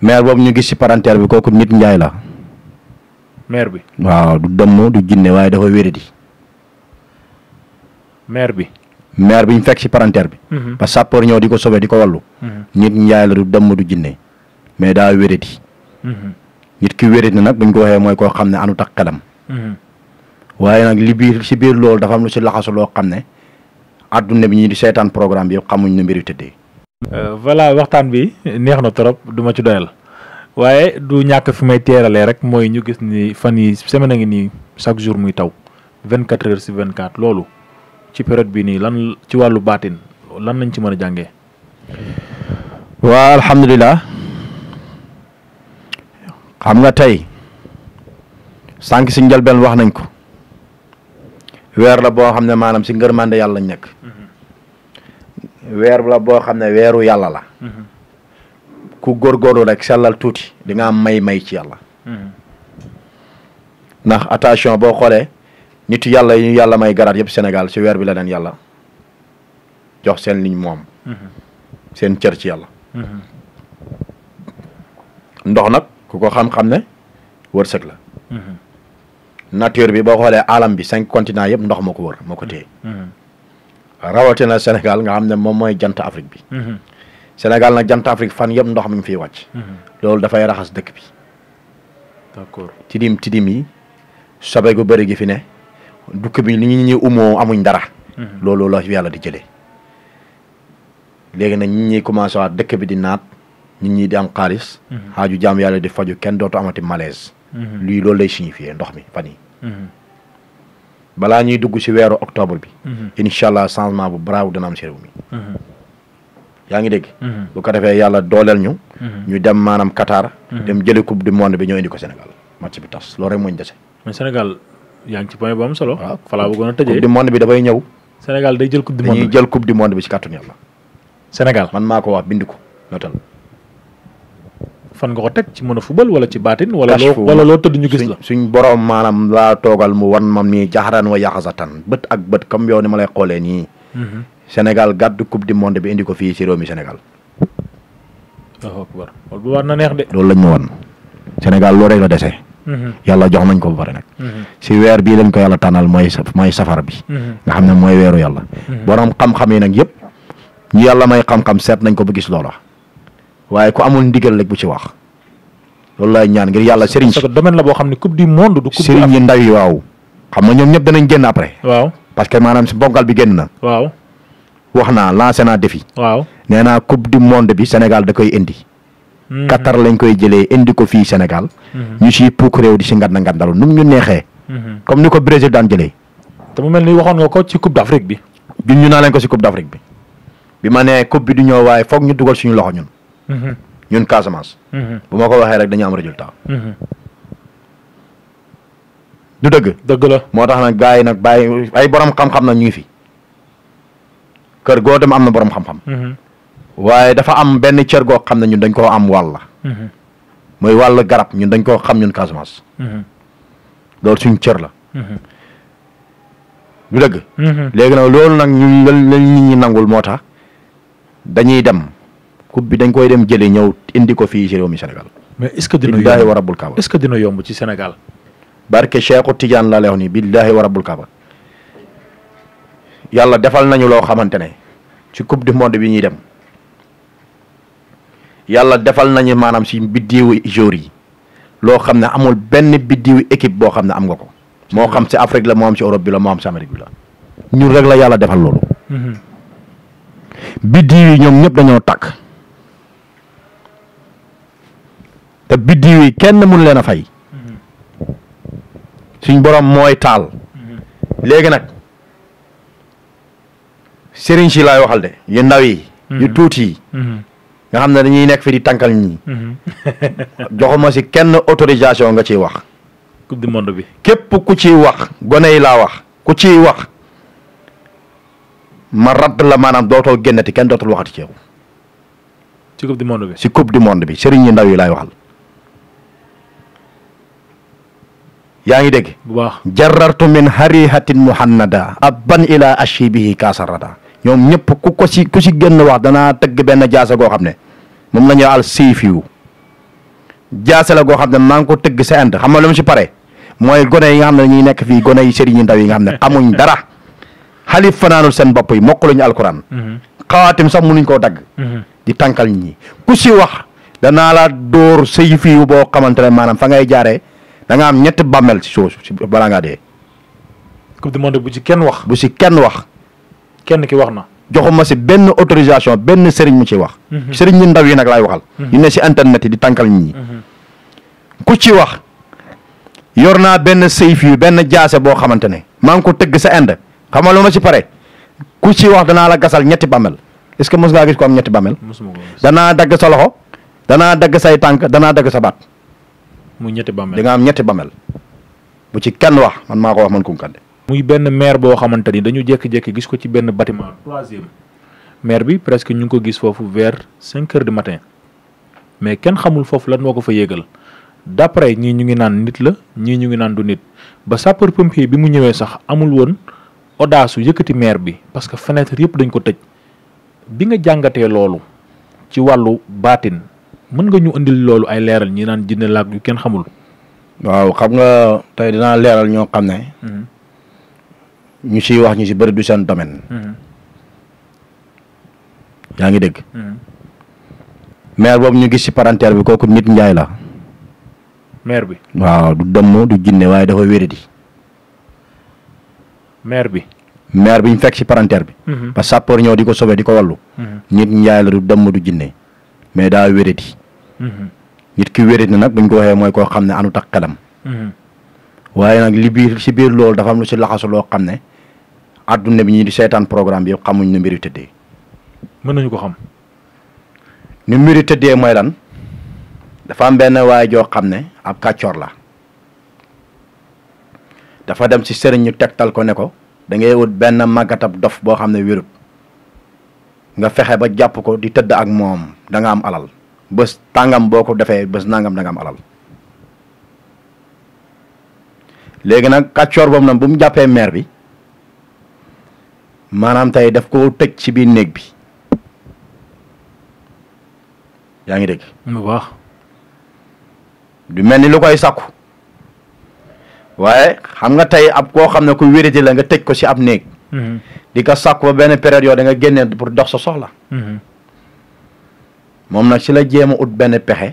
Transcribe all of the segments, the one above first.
maire boobu ñu gis si parentère bi kooku nit njaay la. maire bi. waaw du dëmm du jinne waaye dafa wéradi. bi. maire bi ñu fekk ci parentère bi. Mhm. ba sappoor di ko sauver di ko wallu. Mhm. nit njaay la du dëmm du jinne mais daa wéradi. Mhm. nit ki wéradi na nag buñ ko waxee mooy koo xam ne anut ak xelam. waaye nag li biir ci biir loolu dafa am lu laxasu loo xam ne adduna bi ñu di seetaan programme bi yëpp xamuñ ne mbir Euh, voilà waxtaan bi neex na trop duma ci doyal waaye du ñàkk fi may teeralee rek mooy ñu gis ni fan yi semaine a ngi nii chaque jour muy taw vingt quatre heures si vingt quatre loolu ci période bi nii lan ci wàllu baatin lan lañ ci mën a jànge waa alhamdulilah xam nga tey sànq si njëlbeen wax nañ ko weer la boo xam ne maanaam si ngërmande yàlla nekk. Mhm. weer la boo xam ne weeru yàlla la mhm. ku góorgóorlu rek sellal tuuti di nga may-may ci yàlla mhm. ndax attention boo xoolee nit yàlla ñu yàlla may garaat yëpp Sénégal si weer bi la leen yàlla jox seen liñ moom mhm. seen cër ci yàlla ndox nag ku ko xam-xam ne wërsëg la nature bi boo xoolee alam bi cinq continents yëpp ndox moo ko wër moo ko téye rawatina Sénégal nga xam ne moom mooy jant Afrique bi. Mhm. Sénégal nag jant Afrique fan yëpp ndox mi mu fiy wàcc. Mhm. loolu dafay raxas dëkk bi. d'accord tidim tidim yi sobe gu bëri gi fi ne dukk bi ni ñu ñuy amuñ dara. Mhm. loolu la yàlla di jëlee. léegi nag ñi ñuy commencé waat dëkk bi di naat nit ñi di am xaalis. xaaju jaam yàlla di faju kenn dootu amati malaise. lii loolu lay signifier ndox mi fan yi balaa ñuy dugg si weeru octobre bi. Mhm. incha allah changement bu braaw dana am ci mi. Mhm. yaa ngi dégg. Mhm. bu ko defee yàlla dooleel ñu. ñu dem maanaam Qatar. dem jëli coupe du monde bi ñoo indi ko Sénégal match bi tas loolu rek moo ñu dese. yaa ngi ci point bu am solo. waaw a tëjee coupe du monde bi dafay ñëw. Sénégal day jël coupe du monde bi jël coupe du monde bi ci kàttanu yàlla. Sénégal man maa ko wax bind ko fan nga ko teg ci mën a fubal wala ci baatin. wala loo wala loo tëdd ñu gis la. suñ borom maanaam laa toogal mu wan mam nii jaxaraan wa yaxasatan bët ak bët comme yow ni ma lay xoolee nii. Mhm. Sénégal gàddu coupe du monde bi indi ko fii ci réew mi Sénégal. waaw waaw loolu bu war na neex de. loolu lañ ma wan Sénégal loolu rek la dese. Mhm. yàlla ko ba pare nag. Mhm. si weer bii lañ ko yàlla tànnal mooy safar bi. nga xam ne mooy weeru yàlla. borom xam-xam yi nag yëpp ñu yàlla may xam-xam seet nañ ko ba gis loola. waaye ku amul ndigal rek bu ci wax loolu laay ñaan ngir yàlla sëriñ parce que domaine la boo xam ne coupe du monde du sëriñ yi ndaw yi ñoom ñëpp danañ génn après waaw parce que maanaam si bonkal bi génn na waaw wax naa lancé naa défi waaw nee naa coupe du monde bi Sénégal da koy indi hmm. Qatar lañ koy jëlee indi ko fii Sénégal hmm. ñu siy puuk réew di si nganda ngandalu hmm. comme ko Brésil daan jëlee mel ni waxoon nga ko ci coupe d'Afrique bi jun naa leen ko si coupe d'Afrique bi bi ma nee coupe bi du ñëw waaye foog ñu dugal suñu loxo ñun Mm-hmm. ñun Casamance. Mm-hmm. bu ma ko waxee rek dañu am résultat. Mm-hmm. du dëgg. dëgg la moo tax nag gars nag bàyyi ay borom xam-xam nag ñu ngi fi kër goo dem am na borom xam-xam. waaye dafa am benn cër goo xam ne ñun dañ koo am wàll. mooy wàll garab ñun dañ koo xam ñun Casamance. loolu suñ cër la. du dëgg. léegi nag loolu nag ñun lañ nangul moo tax dañuy dem. coupe bi dañ koy dem jëli ñëw indi ko fii ci réew mi Sénégal. mais est que dina yomb billaahi wa rabbul kaaba. est ce que barke Cheikhu Tidiane laa nii billaahi wa rabbul kaaba yàlla defal nañu loo xamante ne ci coupe du monde bi ñuy dem yàlla defal nañu maanaam si biddiwu jour yi loo xam ne amul benn biddiwu équipe boo xam ne am nga ko. moo xam si Afrique la moo am si Europe bi la moo am si Amérique bi la. ñu rek la yàlla defal loolu. Mhm. biddiw ñoom ñëpp dañoo tàkk. yi kenn mënu leen a fay mm-hmm. suñ borom mooy taal mm-hmm. léegi nag sëriñ si lay waxal de yu ndaw yi yu mm-hmm. tuuti yi nga xam ne dañuy nekk fi di tànkal ñi joxuma si kenn autorisation nga ciy wax coupe du képp ku ciy wax gone yi la wax ku ciy wax ma radd la maanaam dootoo génnati kenn dootul waxati ci yow. ci coupe du monde monde bi sëriñ yi ndaw yi waxal yaa ngi dégg bu baax jarartu min harihatin muhannada abban ila ashibihi kaasarada ñoom ñëpp ku ko si ku si génn wax danaa tëgg benn jaasa goo xam ne moom la ñuy al siifiyu jaase la goo xam ne maa ngi ko tëgg sa ind xam nga lu mu si pare mooy gone yi nga xam ne ñuy nekk fii gone yi sëriñ yi ndaw xam ne xamuñ dara xali fanaanul seen bopp yi mokk lañu alquran mhm. xawaatim sax munuñ koo dagg mhm. di tànkal ñi ku si wax danaa la dóor sëy fiyu boo xamante ne maanaam fa ngay jaaree danga am ñetti bàmmeel ci suuf si balaa ngaa dee. coupe bu ci kenn wax. bu ci kenn wax. kenn ki wax na. joxuma si benn autorisation benn sëriñ mu ci wax. Mhm. sëriñ ñu ndaw yi nag laay waxal. si mhm. internet yi di tànkal nit mhm. ku ci wax yor naa benn sayf yu benn jaase boo xamante ne maa ngi ko tëgg sa ind xam nga lu ma ci pare ku ci wax danaa la gasal ñetti bàmmeel est-ce que mos ngaa gis ko am ñetti bàmmeel danaa dagg sa loxo danaa dagg say tànk danaa dagg sa baat. muy ñetti bàmmeel di nga am ñetti bàmmeel bu ci kenn wax man maa ko wax man Kounkandé muy benn maire boo xamante ni dañu jékki-jékki gis ko ci benn bâtiment troisième maire bi presque ñu ngi ko gis foofu vers cinq heures du matin mais kenn xamul foofu lan moo ko fa yéegal d'après ñii ñu ngi naan nit la ñii ñu ngi naan du nit ba sapeur pompier bi mu ñëwee sax amul woon audace su yëkkati maire bi parce que fenêtre yëpp dañ ko tëj bi nga jàngatee loolu ci wàllu baatin mën nga ñu indi loolu ay leeral ñi naan jinne laak yu kenn xamul. waaw xam nga tey dinaa leeral ñoo xam ne. Mm-hmm. ñu siy wax ñu si bari du seen domaine. Mm-hmm. yaa ngi dégg. Mm-hmm. maire boobu ñu gis si parentère bi kooku nit njaay la. maire bi waaw du dëmm du jinne waaye dafa wéradi. maire bi. maire bi ñu fekk ci parentère bi. parce que sàppoor ñëw di ko sauver di ko wallu. nit njaay la du dëmm du jinne. mais daa wéradi mm-hmm. nit ki wéradi nag buñ ko waxee mooy koo xam ne anu tax xelam mm-hmm. waaye nag li biir si biir loolu dafa am lu si laxasu loo xam ne adduna bi ñi di seetaan programme bi yëpp xamuñ ne mbiri tëddee mën ko xam ni mbiri tëddee lan dafa am benn waaye joo xam ne ab kàccoor la dafa dem si sëriñ ñu tegtal ko ne ko da wut benn màggatab dof boo xam ne wérut nga fexe ba jàpp ko di tëdd ak moom da am alal bés tàngam boo ko defee bës nangam danga nga am alal léegi nag kàccoor boobu nag bu mu jàppee maire bi maanaam tey def koo tëj ci biir néeg bi yaa ngi dégg. bu du mel ni lu koy sakku waaye xam nga tey ab koo xam ne ku wéradi la nga tëj ko ci ab néeg. Mm-hmm. di ko sàkk ba benn période yoo da nga génne pour dox sa soxla. Mm-hmm. moom nag si la jéem a ut benn pexe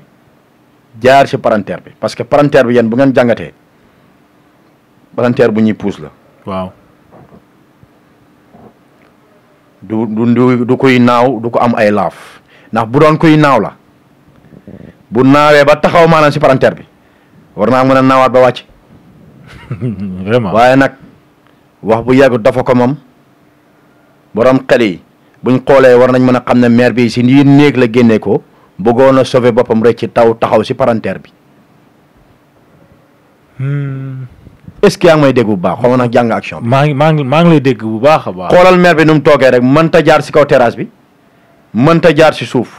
jaar si palanteer bi parce que palanteer bi yéen bu ngeen jàngatee palanteer bu ñuy puus la. waaw. du kuy naaw du ko am ay laaf ndax bu doon kuy naaw la bu naawee ba taxaw maanaam si palanteer bi war naa mën a naawaat ba wàcc. waaye nag wax bu yàgg dafa ko moom. borom xel yi buñ xoolee war nañ mën a xam ne maire bi si nii néeg la génnee ko bëggoon a boppam rek ci taw taxaw si palanteer bi. Hmm. est-ce que yaa ngi may dégg bu baax xaw ma maa ngi maa ngi maa ngi lay dégg bu baax a baax. xoolal maire bi nu mu toogee rek mënta jaar si kaw terrasse bi mënta jaar si suuf.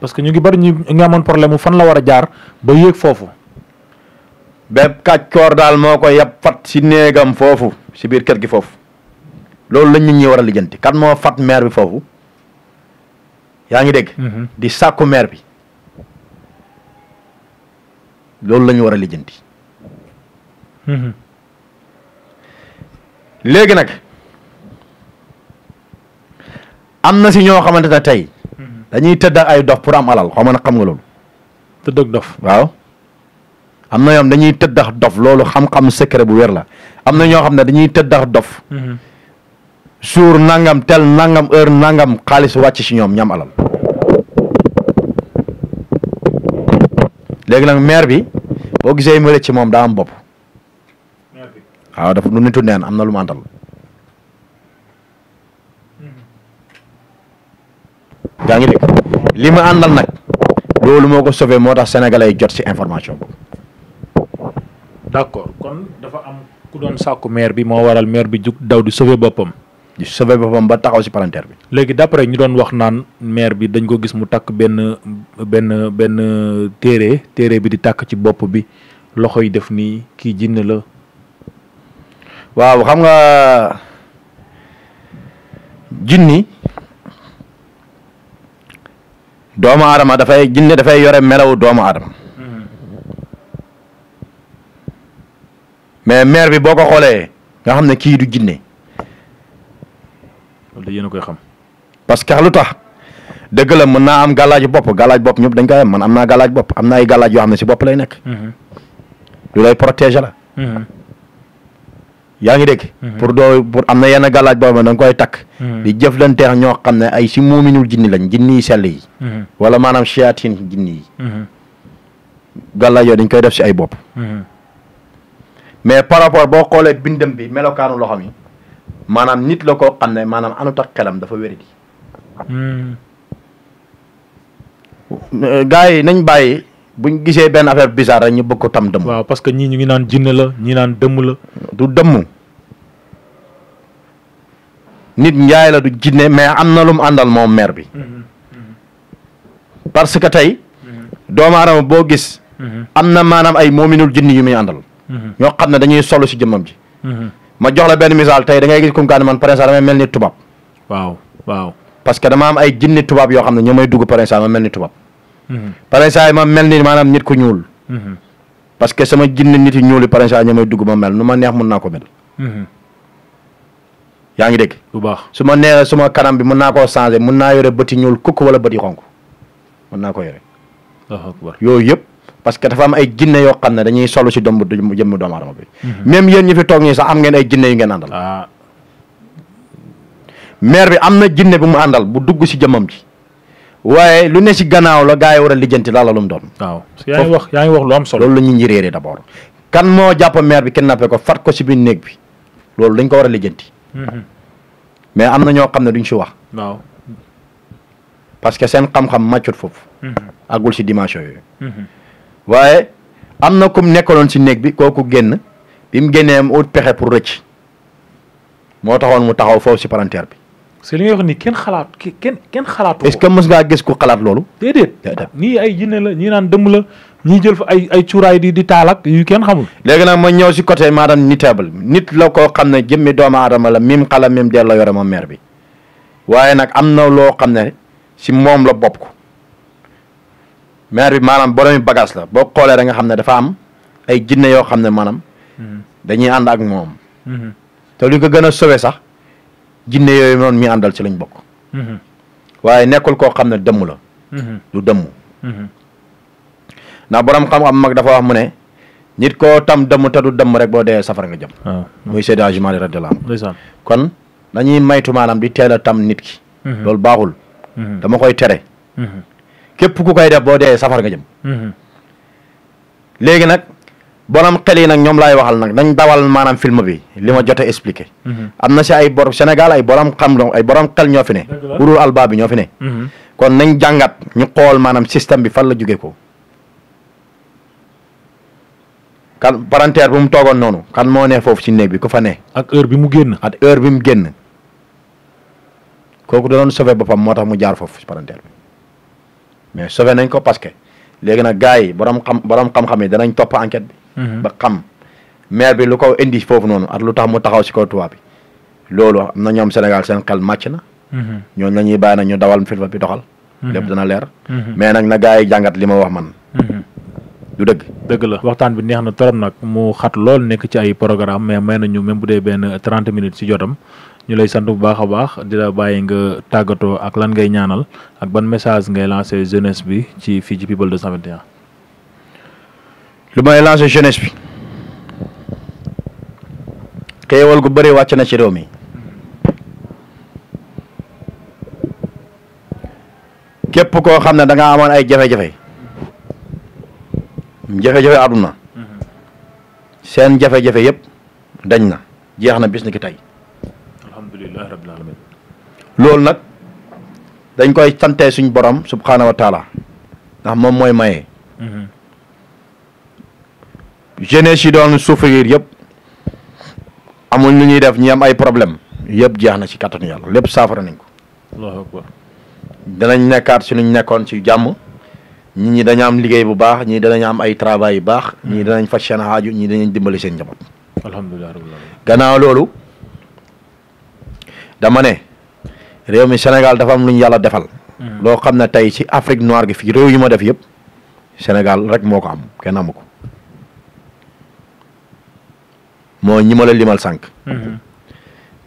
parce que ñu ngi bari ñu ngi amoon problème mu fan la war a jaar ba yéeg foofu. bépp kàccoor daal moo ko yab fat si néegam foofu si biir kër gi foofu. loolu lañ nit ñi war a lijjanti kan moo fat maire bi foofu yaa ngi dégg. Mm-hmm. di sàkku maire bi loolu la war a lijjanti. Mm-hmm. léegi nag am na si ñoo xamante ne tey. Mm-hmm. dañuy tëdd ak ay dof pour am alal xaw ma nag xam nga loolu. tëdd dof waaw. am na ñoom dañuy tëddax dof loolu xam-xam bu wér la am na ñoo xam ne dañuy tëddax dof. jour nangam tel nangam heure nangam xaalis wàcc si ñoom ñam alal léegi nag maire bi boo gisee mu ci moom daa am bopp waaw dafa lu nitu neen am na lu mu àndal yaa ngi dégg li ma àndal nag loolu moo ko sauvé moo tax sénégalais jot ci information boobu. d'accord kon dafa am ku doon sàkku maire bi moo waral maire bi jug daw di sauvé boppam. di sauver boppam ba taxaw si palanteer bi. léegi d'après ñu doon wax naan maire bi dañ ko gis mu takk benn benn benn téere téere bi di tàkk ci bopp bi loxo yi def nii kii jinne la. waaw xam nga jinni doomu aadama dafay jinne dafay yore melow doomu aadama hmm. mais maire bi boo ko xoolee nga xam ne kii du jinne loolu de a koy xam. parce que lu tax dëgg la mën naa am galaaj bopp galaaj bopp ñëpp dañ koy am man am naa galaaj bopp am na ay galaaj yoo xam ne si bopp lay nekk. Mhm. lu lay protéger la. Mhm. yaa ngi dégg. Mhm. pour doo pour am na yenn galaaj boobu ma nga koy takk. di jëflanteex ñoo xam ne ay si muuminul jinni lañ jinni yi sell yi. wala maanaam shayatin jinni yi. galaaj yooyu dañ koy def si ay bopp. mais par rapport boo xoolee bindam bi melokaanu loxo mi. maanaam nit la koo xam ne maanaam anut ak xelam dafa wéradi. Hmm. gars yi nañ bàyyi buñ gisee benn affaire bizarre rek ñu bëgg ko tam dëmm. waaw parce que ñii ñu ngi naan jinne la ñii naan dëmm la. du dëmm. nit njaay la du jinne mais am na lu mu àndal moom maire bi. Hmm, hmm, parce que tey. doomu aadama boo gis. am na maanaam ay moominul jinni yu muy àndal. ñoo xam ne dañuy solo si jëmmam ji. ma jox la benn misaal tey da ngay gis kumkaan man par exemple damay mel ni tubaab. waaw waaw. parce que dama am ay jinni tubaab yoo xam ne ñoo may dugg par exemple ma mel ni tubaab. par exemple ma mel ni maanaam nit ku ñuul. Mhm. parce que sama jinni nit yu ñuul yi par exemple ñoo may dugg ma mel nu ma neex mën naa ko mel. Mhm. yaa ngi dégg. bu baax su ma nee suma kanam bi mën naa ko changé mën naa yore bëti ñuul kukk wala bëti xonk mën naa ko yore. yooyu yëpp parce que dafa am ay jinne yoo xam ne dañuy solu si doomu jëmm doomu aadama bi. Mhm. même yéen ñi fi toog ñii sax am ngeen ay jinne yu ngeen àndal. Ah. maire bi am na jinne bu mu àndal bu dugg si jëmmam ji waaye lu ne si gannaaw la gaa yi war a lijjanti laala la doon. waaw yaa ngi wax yaa solo. loolu la ñuy njëriñee d' abord kan moo jàpp maire bi kidnappé ko fat ko si biir néeg bi loolu dañ ko war a lijjanti. Mhm. mais am na ñoo xam ne duñ si wax. waaw parce que seen xam-xam màccut foofu. Mhm. àggul si dimension waaye am na kum nekkaloon si néeg bi kooku génn bi mu génnee am ut pexe pour rëcc moo taxoon mu taxaw foofu si palanteer bi. parce que li nga wax ni kenn xalaat kenn kenn xalaatu. est-ce que mës ngaa gis ku xalaat loolu. déedéet nii ah, ay jinne la ñii naan dëmm la ñii jël fa ay ay cuuraay di di taal ak yu kenn xamul. léegi nag ma ñëw si côté maanaam nitable nit la koo xam ne jëmmi doomu aadama la mim xala mim delloo yore ma mère bi waaye nag am na loo xam ne si moom la bopp ko. maire bi maanaam boromi bagage la boo xoolee nga xam ne dafa am ay jinne yoo xam ne maanaam hmm. dañuy ànd ak moom hmm. te lu ko gën a sowe sax jinne yooyu noonu mi àndal ci lañ bokk hmm. waaye nekkul koo xam ne dëmm la du dëmm ndax borom xam-xam mag dafa wax mu ne nit ko tam dëmm te du dëmm rek boo dee safara nga jëm ah. muy Seydi Hadji Malick radiyallahu kon dañuy maytu maanaam di teel a tam nit ki loolu baaxul dama koy tere képp ku koy def boo dee safar nga jëm. Mm-hmm. léegi nag borom xel yi nag ñoom laay waxal nag nañ dawal maanaam film bi li ma jot a expliqué. Mm-hmm. am na si ay bor Sénégal ay borom xam ay borom xel ñoo fi ne. urul alba bi ñoo fi ne. Mm-hmm. kon nañ jàngat ñu xool maanaam système bi fan la jóge ko. kan parenthèse bu mu toogoon noonu kan moo ne foofu ci néeg bi ku fa ne. ak heure bi mu génn. ak heure bi mu génn kooku da doon sauver boppam moo tax mu jaar foofu si parenthèse bi. mais sauvé nañ ko parce que léegi nag gars yi borom xam borom xam yi danañ topp enquête bi. Mhm. ba xam maire bi lu ko indi foofu noonu at lu tax mu taxaw si kaw toit bi loolu am na ñoom Sénégal seen xel màcc na. Mhm. ñoo la ñuy bàyyi nag ñu dawal film bi doxal. Mhm. lépp dana leer. mais nag na gars yi jàngat li ma wax man. du dëgg. dëgg la waxtaan bi neex na torop nag mu xat lool nekk ci ay programme mais may nañu même bu dee benn trente minutes si jotam. ñu lay sant bu baax a baax di la bàyyi nga tàggatoo ak lan ngay ñaanal ak ban message ngay lancé jeunesse bi ci fii ci People 221. lu may lancé jeunesse bi. xéewal gu wàcc na ci réew mi. képp koo xam ne danga nga amoon ay jafe-jafe. jafe-jafe àdduna. Mhm. seen jafe-jafe yëpp dañ na jeex na bis ni tey. alhamdulilah rabbil alamin loolu nag dañ koy santee suñ borom subxanahu wa taala ndax moom mooy maye. Mhm. jeunesse yi doon souffrir yëpp amuñ lu ñuy def ñi am ay problème yëpp jeex na ci kattanu yàlla lépp saafara nañ ko. allahu danañ nekkaat si nuñ nekkoon ci jàmm. ñi ñi dañu am liggéey bu baax ñii danañ am ay travail yu baax. ñii mhm. danañ fa seen xaaju ñii danañ dimbali seen njaboot. gannaaw loolu. dama ne réew mi Sénégal dafa am lu ñu yàlla defal. Hmm. loo xam ne tey si Afrique nuwaar gi fii réew ma def yëpp Sénégal rek moo ko am kenn amu ko moo ñi ma la limal sànq. Hmm.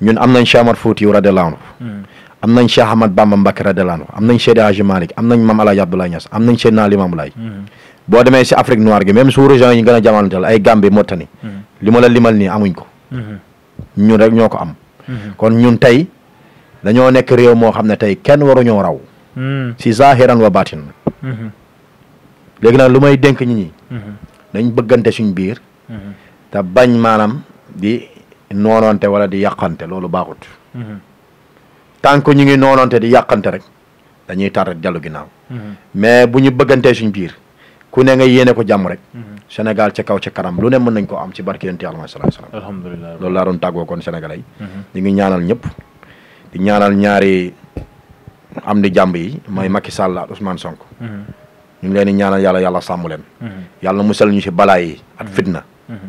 ñun am nañ Cheikh Omar Foutiyou radiyallahu anhu hmm. am nañ Cheikh Ahmad Bamba Mbacké radiyallahu am nañ Seydi Hadji Malick am nañ Mame Alhaji Abdoulaye Niass am nañ Seydina Limamou Laye boo demee si Afrique noire gi même sous région yi ñu gën a jamono ay Gambie Mauritanie. li ma la limal nii amuñ ko. ñun rek ñoo ko am. Mhm. kon ñun tey dañoo nekk réew moo xam ne tey kenn waruñoo raw. Mhm. si zahiran wa batin mhm. léegi nag lu may dénk nit ñi. dañ bëggante suñ biir. te bañ maanam di noonante wala di yàqante loolu baaxut. tant que ñu ngi noonante di yàqante rek dañuy tar dellu ginnaaw. mais bu ñu bëggante suñ biir ku ne nga yéene ko jàmm rek. Sénégal ca kaw ca kanam lu ne mën nañ ko am ci barke yonent Yàlla sallallahu alayhi wasallam alhamdulilah loolu laa doon tàggoo kon sénégalais yi mhm. ñu ngi ñaanal ñëpp di ñaanal ñaari am di jàmb yi mooy mhm. Macky Sall ak Ousmane Sonko mhm. ñu ngi leen di ñaanal yàlla yàlla sàmm leen yàlla musal ñu ci balaa yi ak fitna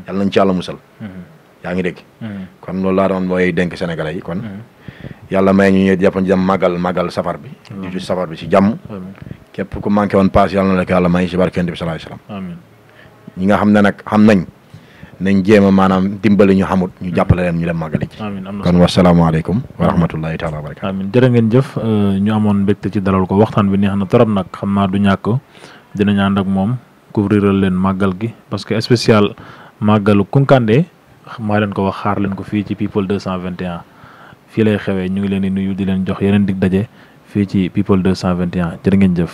yàlla nañ ci yàlla musal yaa ngi dégg kon loolu laa doon mooy dénk sénégalais yi kon yàlla may ñu ñuy jàpp dem màggal màggal safar bi di ci safar bi ci jàmm képp ku manqué woon paas yàlla na la ko yàlla may ci barke yonent bi sallallahu alayhi wasallam ñi nga xam ne nag xam nañ nañ jéem a maanaam dimbali ñu xamut ñu jàppale leen ñu dem màggali ci kon wasalaamaaleykum wa rahmatullahi taala wa barakatu amin jërë ngeen jëf euh, ñu amoon mbégte ci dalal ko waxtaan bi neex na trop nag xam naa du ñàkk dinañ ànd ak moom couvriral leen màggal gi parce que spécial màggalu Kunkandé maa leen ko wax xaar leen ko fii ci people 221 fii lay xewee ñu ngi leen di nuyu di leen jox yeneen dig daje fii ci people 221 jërë ngeen jëf